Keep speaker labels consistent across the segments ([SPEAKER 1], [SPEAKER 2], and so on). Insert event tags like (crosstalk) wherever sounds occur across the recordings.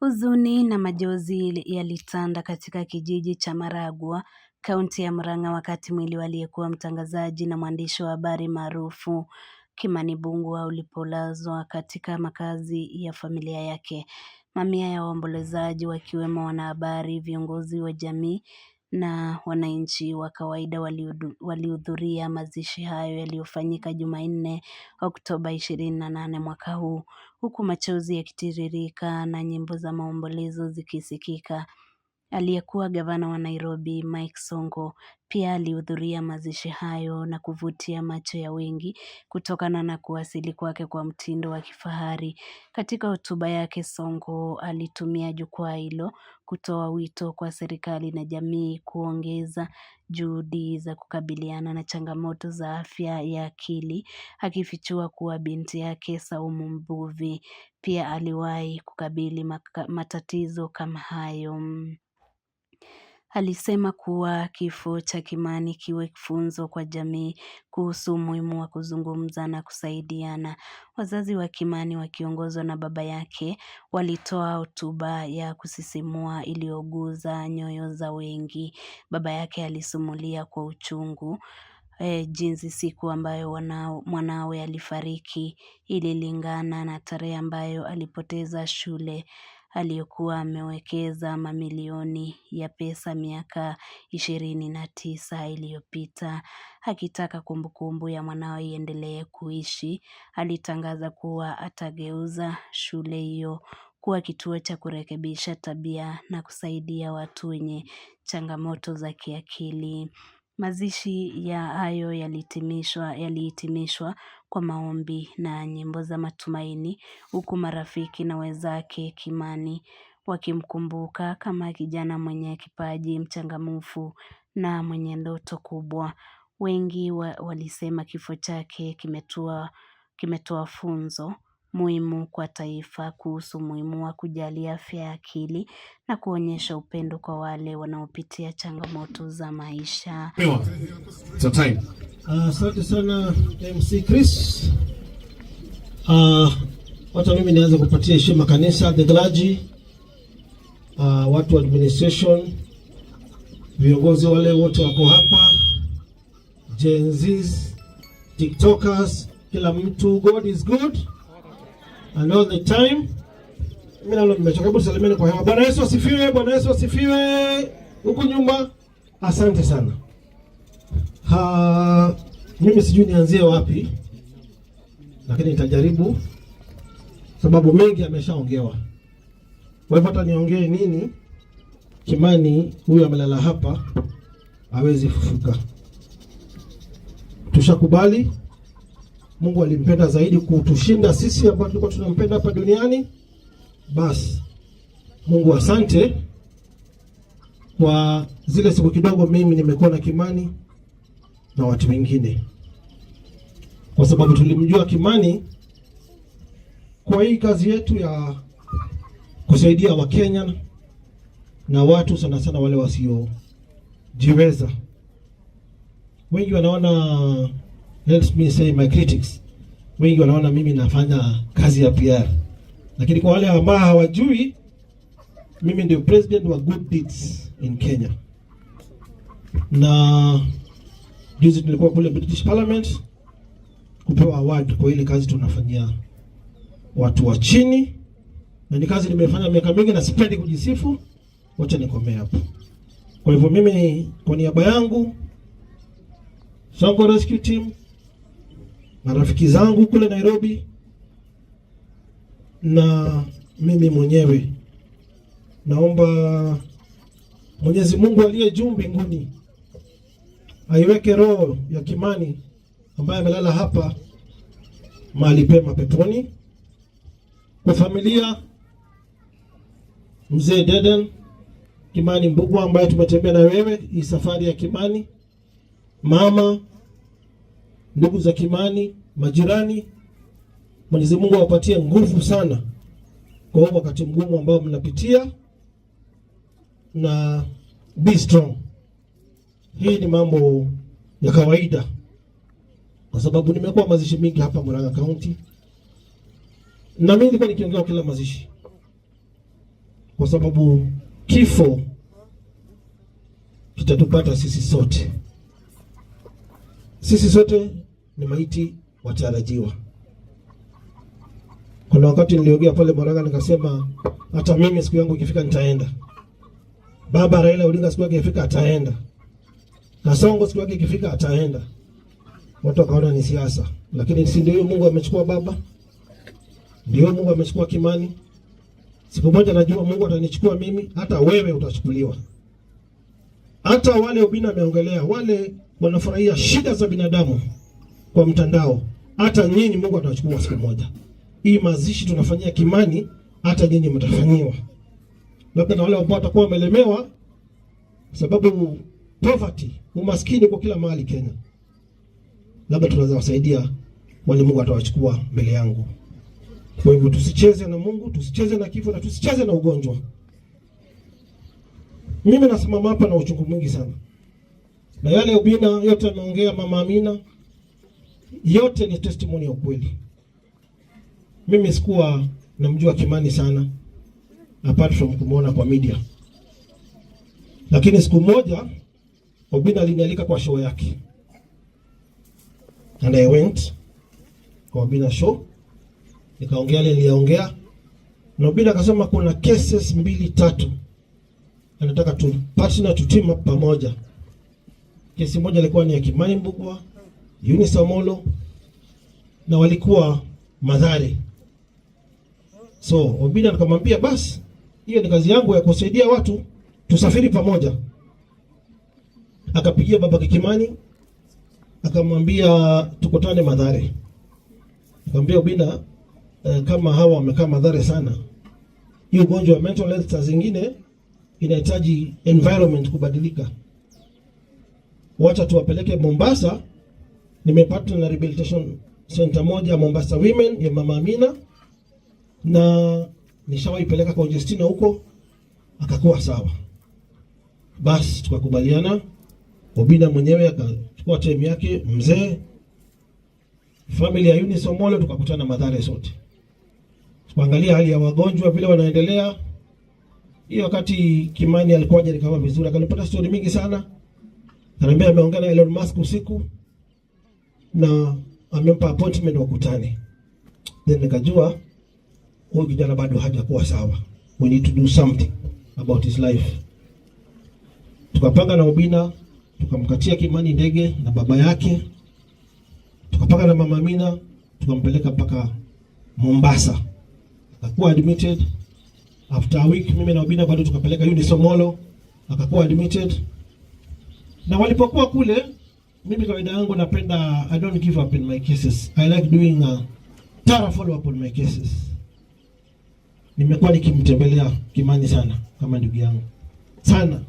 [SPEAKER 1] Huzuni na majozi yalitanda katika kijiji cha Maragua, kaunti ya Murang'a wakati mwili wa aliyekuwa mtangazaji na mwandishi wa habari maarufu Kimani Bungwa ulipolazwa katika makazi ya familia yake. Mamia ya waombolezaji wakiwemo wanahabari, viongozi wa jamii na wananchi wa kawaida walihudhuria mazishi hayo yaliyofanyika Jumanne Oktoba 28 mwaka huu, huku machozi yakitiririka na nyimbo za maombolezo zikisikika. Aliyekuwa gavana wa Nairobi Mike Sonko pia alihudhuria mazishi hayo na kuvutia macho ya wengi kutokana na kuwasili kwake kwa mtindo wa kifahari. Katika hotuba yake Sonko alitumia jukwaa hilo kutoa wito kwa serikali na jamii kuongeza juhudi za kukabiliana na changamoto za afya ya akili akifichua kuwa binti yake Saumu Mbuvi pia aliwahi kukabili matatizo kama hayo alisema kuwa kifo cha Kimani kiwe funzo kwa jamii kuhusu umuhimu wa kuzungumza na kusaidiana. Wazazi wa Kimani wakiongozwa na baba yake walitoa hotuba ya kusisimua iliyoguza nyoyo za wengi. Baba yake alisimulia kwa uchungu E, jinsi siku ambayo mwanawe alifariki ililingana na tarehe ambayo alipoteza shule aliyekuwa amewekeza mamilioni ya pesa miaka ishirini na tisa iliyopita akitaka kumbukumbu ya mwanao iendelee kuishi. Alitangaza kuwa atageuza shule hiyo kuwa kituo cha kurekebisha tabia na kusaidia watu wenye changamoto za kiakili. Mazishi ya hayo yalihitimishwa kwa maombi na nyimbo za matumaini huku marafiki na wenzake Kimani wakimkumbuka kama kijana mwenye kipaji mchangamfu na mwenye ndoto kubwa. Wengi walisema kifo chake kimetoa funzo muhimu kwa taifa kuhusu muhimu wa kujali afya ya akili na kuonyesha upendo kwa wale wanaopitia changamoto za maisha.
[SPEAKER 2] Asante uh, sana MC Chris. Uh, wacha mimi nianze kupatia heshima kanisa, the uh, watu wa administration, viongozi wale wote wako hapa, Gen TikTokers, kila mtu. God is good. I know the time. Mimi nalo nimechoka, hebu salimieni kwa hewa. Bwana Yesu asifiwe! Bwana Yesu asifiwe! Huku nyumba, asante sana. Ha, mimi sijui nianzie wapi, lakini nitajaribu sababu mengi ameshaongewa. Kwa hivyo hata niongee nini, Kimani huyu amelala hapa, hawezi fufuka. Tushakubali Mungu alimpenda zaidi kutushinda sisi ambao tulikuwa tunampenda hapa duniani. Basi Mungu asante kwa zile siku kidogo, mimi nimekuwa na Kimani na watu wengine, kwa sababu tulimjua Kimani kwa hii kazi yetu ya kusaidia Wakenya na watu sana sana wale wasiojiweza. Wengi wanaona let me say my critics wengi wanaona mimi nafanya kazi ya PR, lakini kwa wale ambao hawajui, mimi ndio president wa Good Deeds in Kenya, na juzi tulikuwa kule British Parliament kupewa award kwa ile kazi tunafanyia watu wa chini, na ni kazi nimefanya miaka mingi na sipendi kujisifu. Wacha nikomee hapo. Kwa hivyo mimi kwa niaba yangu Songo Rescue Team marafiki zangu kule Nairobi na mimi mwenyewe. Naomba Mwenyezi Mungu aliye juu mbinguni aiweke roho ya Kimani ambaye amelala hapa mahali pema peponi, kwa familia mzee Deden Kimani Mbugua ambaye tumetembea na wewe hii safari ya Kimani, mama ndugu za Kimani, majirani. Mwenyezi Mungu awapatie nguvu sana kwa wakati mgumu ambao mnapitia, na be strong. Hii ni mambo ya kawaida, kwa sababu nimekuwa mazishi mingi hapa Murang'a County, na mimi nilikuwa nikiongea kila mazishi, kwa sababu kifo kitatupata sisi sote, sisi sote ni maiti watarajiwa. Kuna wakati niliongea pale Maraga nikasema hata mimi siku yangu ikifika nitaenda. Baba Raila Odinga siku yake ikifika ataenda. Songo siku yake ikifika ataenda. Watu wakaona ni siasa, lakini si ndio Mungu amechukua baba? Ndio Mungu amechukua Kimani. Siku moja najua Mungu atanichukua mimi, hata wewe utachukuliwa. Hata wale ubina ameongelea, wale wanafurahia shida za binadamu kwa mtandao, hata nyinyi Mungu atawachukua siku moja. Hii mazishi tunafanyia Kimani, hata nyinyi mtafanyiwa, labda na wale ambao watakuwa wamelemewa, sababu poverty, umaskini kwa kila mahali Kenya, labda tunaweza wasaidia wale Mungu atawachukua mbele yangu. Kwa hivyo tusicheze na Mungu, tusicheze na kifo na tusicheze na ugonjwa. Mimi nasimama hapa na uchungu mwingi sana, na yale ubina yote ameongea mama Amina yote ni testimony ya ukweli. Mimi sikuwa namjua Kimani sana apart from kumwona kwa media, lakini siku moja Obina alinialika kwa show yake and I went kwa Obina show, nikaongea ile niliongea na Obina, akasema kuna cases mbili tatu anataka tu partner tu team up pamoja. Kesi moja ilikuwa ni ya Kimani Mbugua Eunice Omolo na walikuwa madhare. So Obina nikamwambia basi, hiyo ni kazi yangu ya kusaidia watu, tusafiri pamoja. Akapigia baba Kikimani akamwambia tukutane Madhare. Akamwambia Obina, eh, kama hawa wamekaa Madhare sana, hiyo ugonjwa wa mental health saa zingine inahitaji environment kubadilika, wacha tuwapeleke Mombasa nimepata na rehabilitation center moja Mombasa Women ya Mama Amina, na nishawaipeleka kwa Justina huko akakuwa sawa. Basi tukakubaliana, Obina mwenyewe akachukua time yake, mzee family ya Eunice Omolo, tukakutana madhara sote, tukaangalia hali ya wagonjwa vile wanaendelea. Hiyo wakati Kimani alikuwa aje, vizuri, akanipata story mingi sana, kaniambia ameongea na Elon Musk usiku na amempa appointment wakutane. Then nikajua huyu kijana bado hajakuwa sawa, we need to do something about his life. Tukapanga na Obina, tukamkatia Kimani ndege na baba yake, tukapanga na mama Amina, tukampeleka mpaka Mombasa, akakuwa admitted after a week. Mimi na Obina bado tukapeleka Uni Somolo, akakuwa admitted, na walipokuwa kule mimi kawaida yangu napenda, I don't give up in my cases. I like doing a thorough follow up on my cases. Nimekuwa nikimtembelea Kimani sana kama ndugu yangu sana,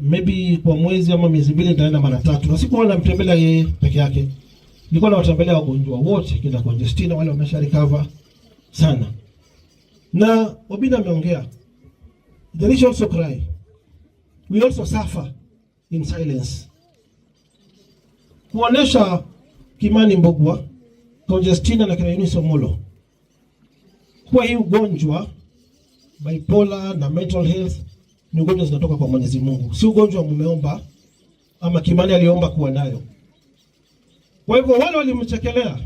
[SPEAKER 2] maybe kwa mwezi ama miezi mbili nitaenda mara tatu, na sikuwa namtembelea yeye peke yake, nilikuwa nawatembelea wagonjwa wote, kina kwa Justina wale wamesha recover sana, na Obina ameongea, the rich also cry, we also suffer in silence kuonesha Kimani Mbogwa, Conjestina na kina Eunice Omolo kuwa hii ugonjwa bipolar na mental health ni ugonjwa zinatoka kwa Mwenyezi Mungu, si ugonjwa mumeomba ama Kimani aliomba kuwa nayo. Kwa hivyo wale walimchekelea,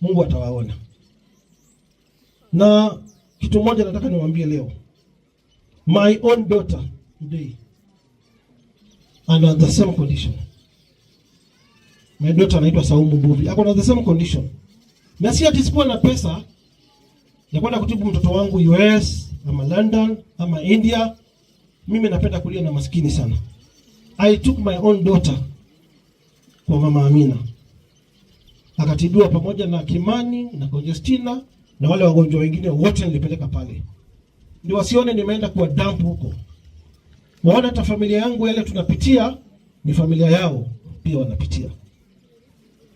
[SPEAKER 2] Mungu atawaona. Na kitu moja nataka niwaambie leo, my own daughter today under the same condition My daughter anaitwa Saumu Mbuvi. Ako na the same condition. Na si ati sikuwa na pesa ya kwenda kutibu mtoto wangu US ama London ama India. Mimi napenda kulia na maskini sana. I took my own daughter kwa Mama Amina. Akatibiwa pamoja na Kimani na Conjestina na wale wagonjwa wengine wote nilipeleka pale. Ndio wasione nimeenda kwa dampu huko. Waona hata familia yangu yale tunapitia ni familia yao pia wanapitia.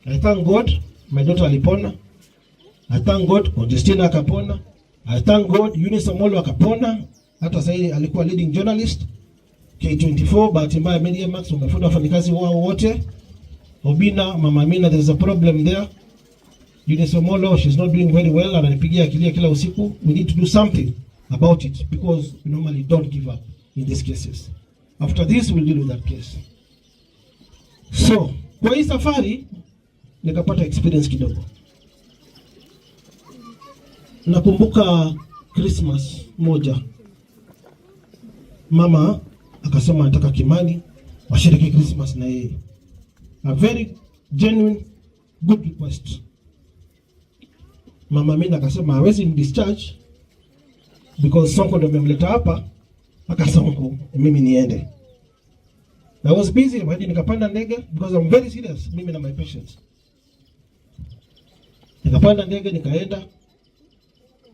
[SPEAKER 2] I thank God my daughter alipona. I thank God Augustine akapona. I thank God Eunice Amolo akapona. Hata sasa hivi alikuwa leading journalist K24, bahati mbaya Media Max umefuta wafanyakazi wao wote. Obina, Mama Amina, there's a problem there. Eunice Amolo, she's not doing very well. and anipigia akilia kila usiku. We need to do something about it because we normally don't give up in these cases. After this we'll deal with that case. So, kwa hii safari nikapata experience kidogo. Nakumbuka Christmas moja, mama akasema anataka Kimani washiriki Christmas na yeye, a very genuine good request. Mama mimi akasema hawezi discharge because Sonko ndo amemleta hapa, mpaka mimi niende. I was busy nikapanda ndege because I'm very serious mimi na my patients Nikapanda ndege nikaenda.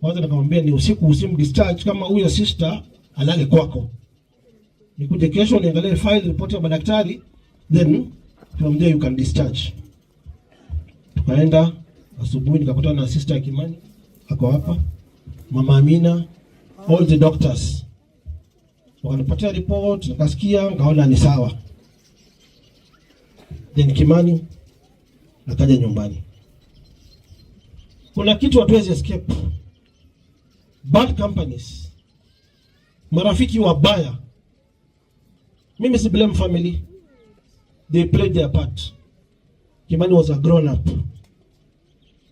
[SPEAKER 2] Kwanza nikamwambia ni usiku usimu discharge kama huyo sister alale kwako. Nikuje kesho niangalie file report ya madaktari then from there you can discharge. Tukaenda asubuhi nikakutana na sister Kimani ako hapa. Mama Amina, all the doctors. Wakanipatia report, nikasikia, nikaona ni sawa. Then Kimani akaja nyumbani kuna kitu hatuwezi escape. Bad companies, marafiki wabaya. Mimi si blame family, they played their part. Kimani was a grown up,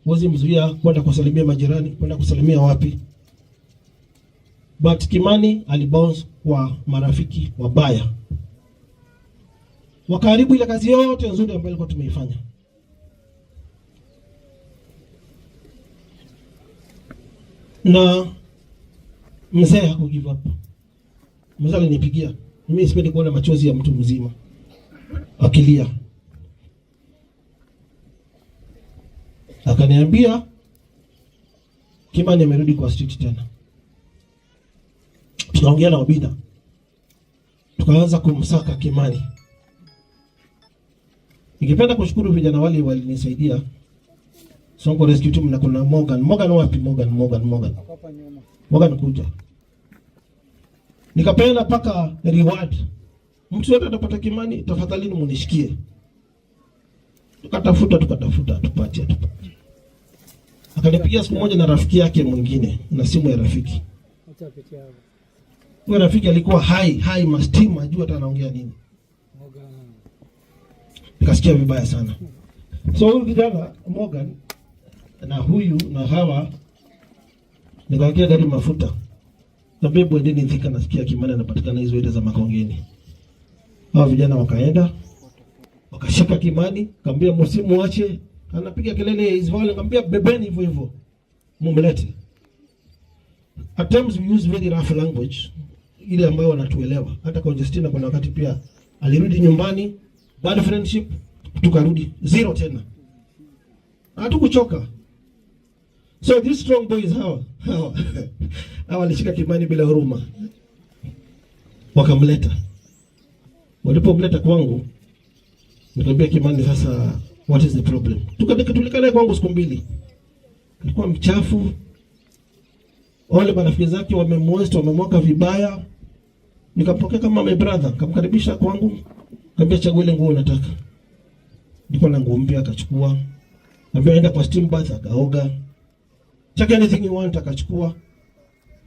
[SPEAKER 2] wezi mzuia kwenda kusalimia majirani, kwenda kusalimia wapi, but Kimani alibounce kwa marafiki wabaya, wakaharibu ile kazi yote nzuri ambayo ilikuwa tumeifanya. na mzee give up. Mzee alinipigia mimi, sipendi kuona machozi ya mtu mzima akilia. Akaniambia Kimani amerudi kwa street tena. Tukaongea na Obida, tukaanza kumsaka Kimani. Ningependa kushukuru vijana wale walinisaidia Songo Rescue Team na kuna Morgan. Morgan wapi? Morgan, Morgan, Morgan. Morgan kuja. Nikapenda paka reward. Mtu yote atapata kimani, tafadhali ni munishikie. Tukatafuta, tukatafuta, tupatie, tupate. Akanipigia siku moja na rafiki yake mwingine na simu ya rafiki. Acha Huyo rafiki alikuwa hai, hai mastima, ajua hata anaongea nini. Morgan. Nikasikia vibaya sana. So huyu kijana Morgan na huyu na hawa, nikawakia gari mafuta Kabe bwendeni nzika nasikia Kimani anapatikana hizo ile za Makongeni. Hawa vijana wakaenda wakashika Kimani, kaambia msimu wache, anapiga kelele hizo wale, kaambia bebeni hivyo hivyo. Mumlete. At times we use very rough language ile ambayo wanatuelewa. Hata kwa Justina kuna wakati pia alirudi nyumbani, bad friendship tukarudi zero tena. Hatukuchoka. So these strong boys hawa hawa (laughs) hawa walishika Kimani bila huruma, wakamleta. Walipomleta kwangu, nikamwambia Kimani, sasa what is the problem? Tukatulika naye kwangu siku mbili, alikuwa mchafu. Wale marafiki zake wamemwest, wamemwaka vibaya. Nikampokea kama my brother, kamkaribisha kwangu, nikamwambia chagua ile nguo unataka. Nilikuwa na nguo mpya, akachukua. Nikamwambia aenda kwa steam bath, akaoga check anything you want, akachukua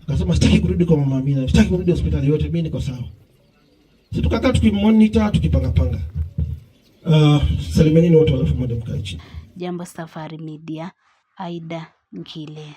[SPEAKER 2] akasema, sitaki kurudi kwa mama Amina, sitaki kurudi hospitali yote, mimi niko sawa. Sisi tukakaa tukimonitor, tukipanga panga, uh, salimeni watu alafu moja mkae chini.
[SPEAKER 1] Jambo Safari Media, Aida Ngile.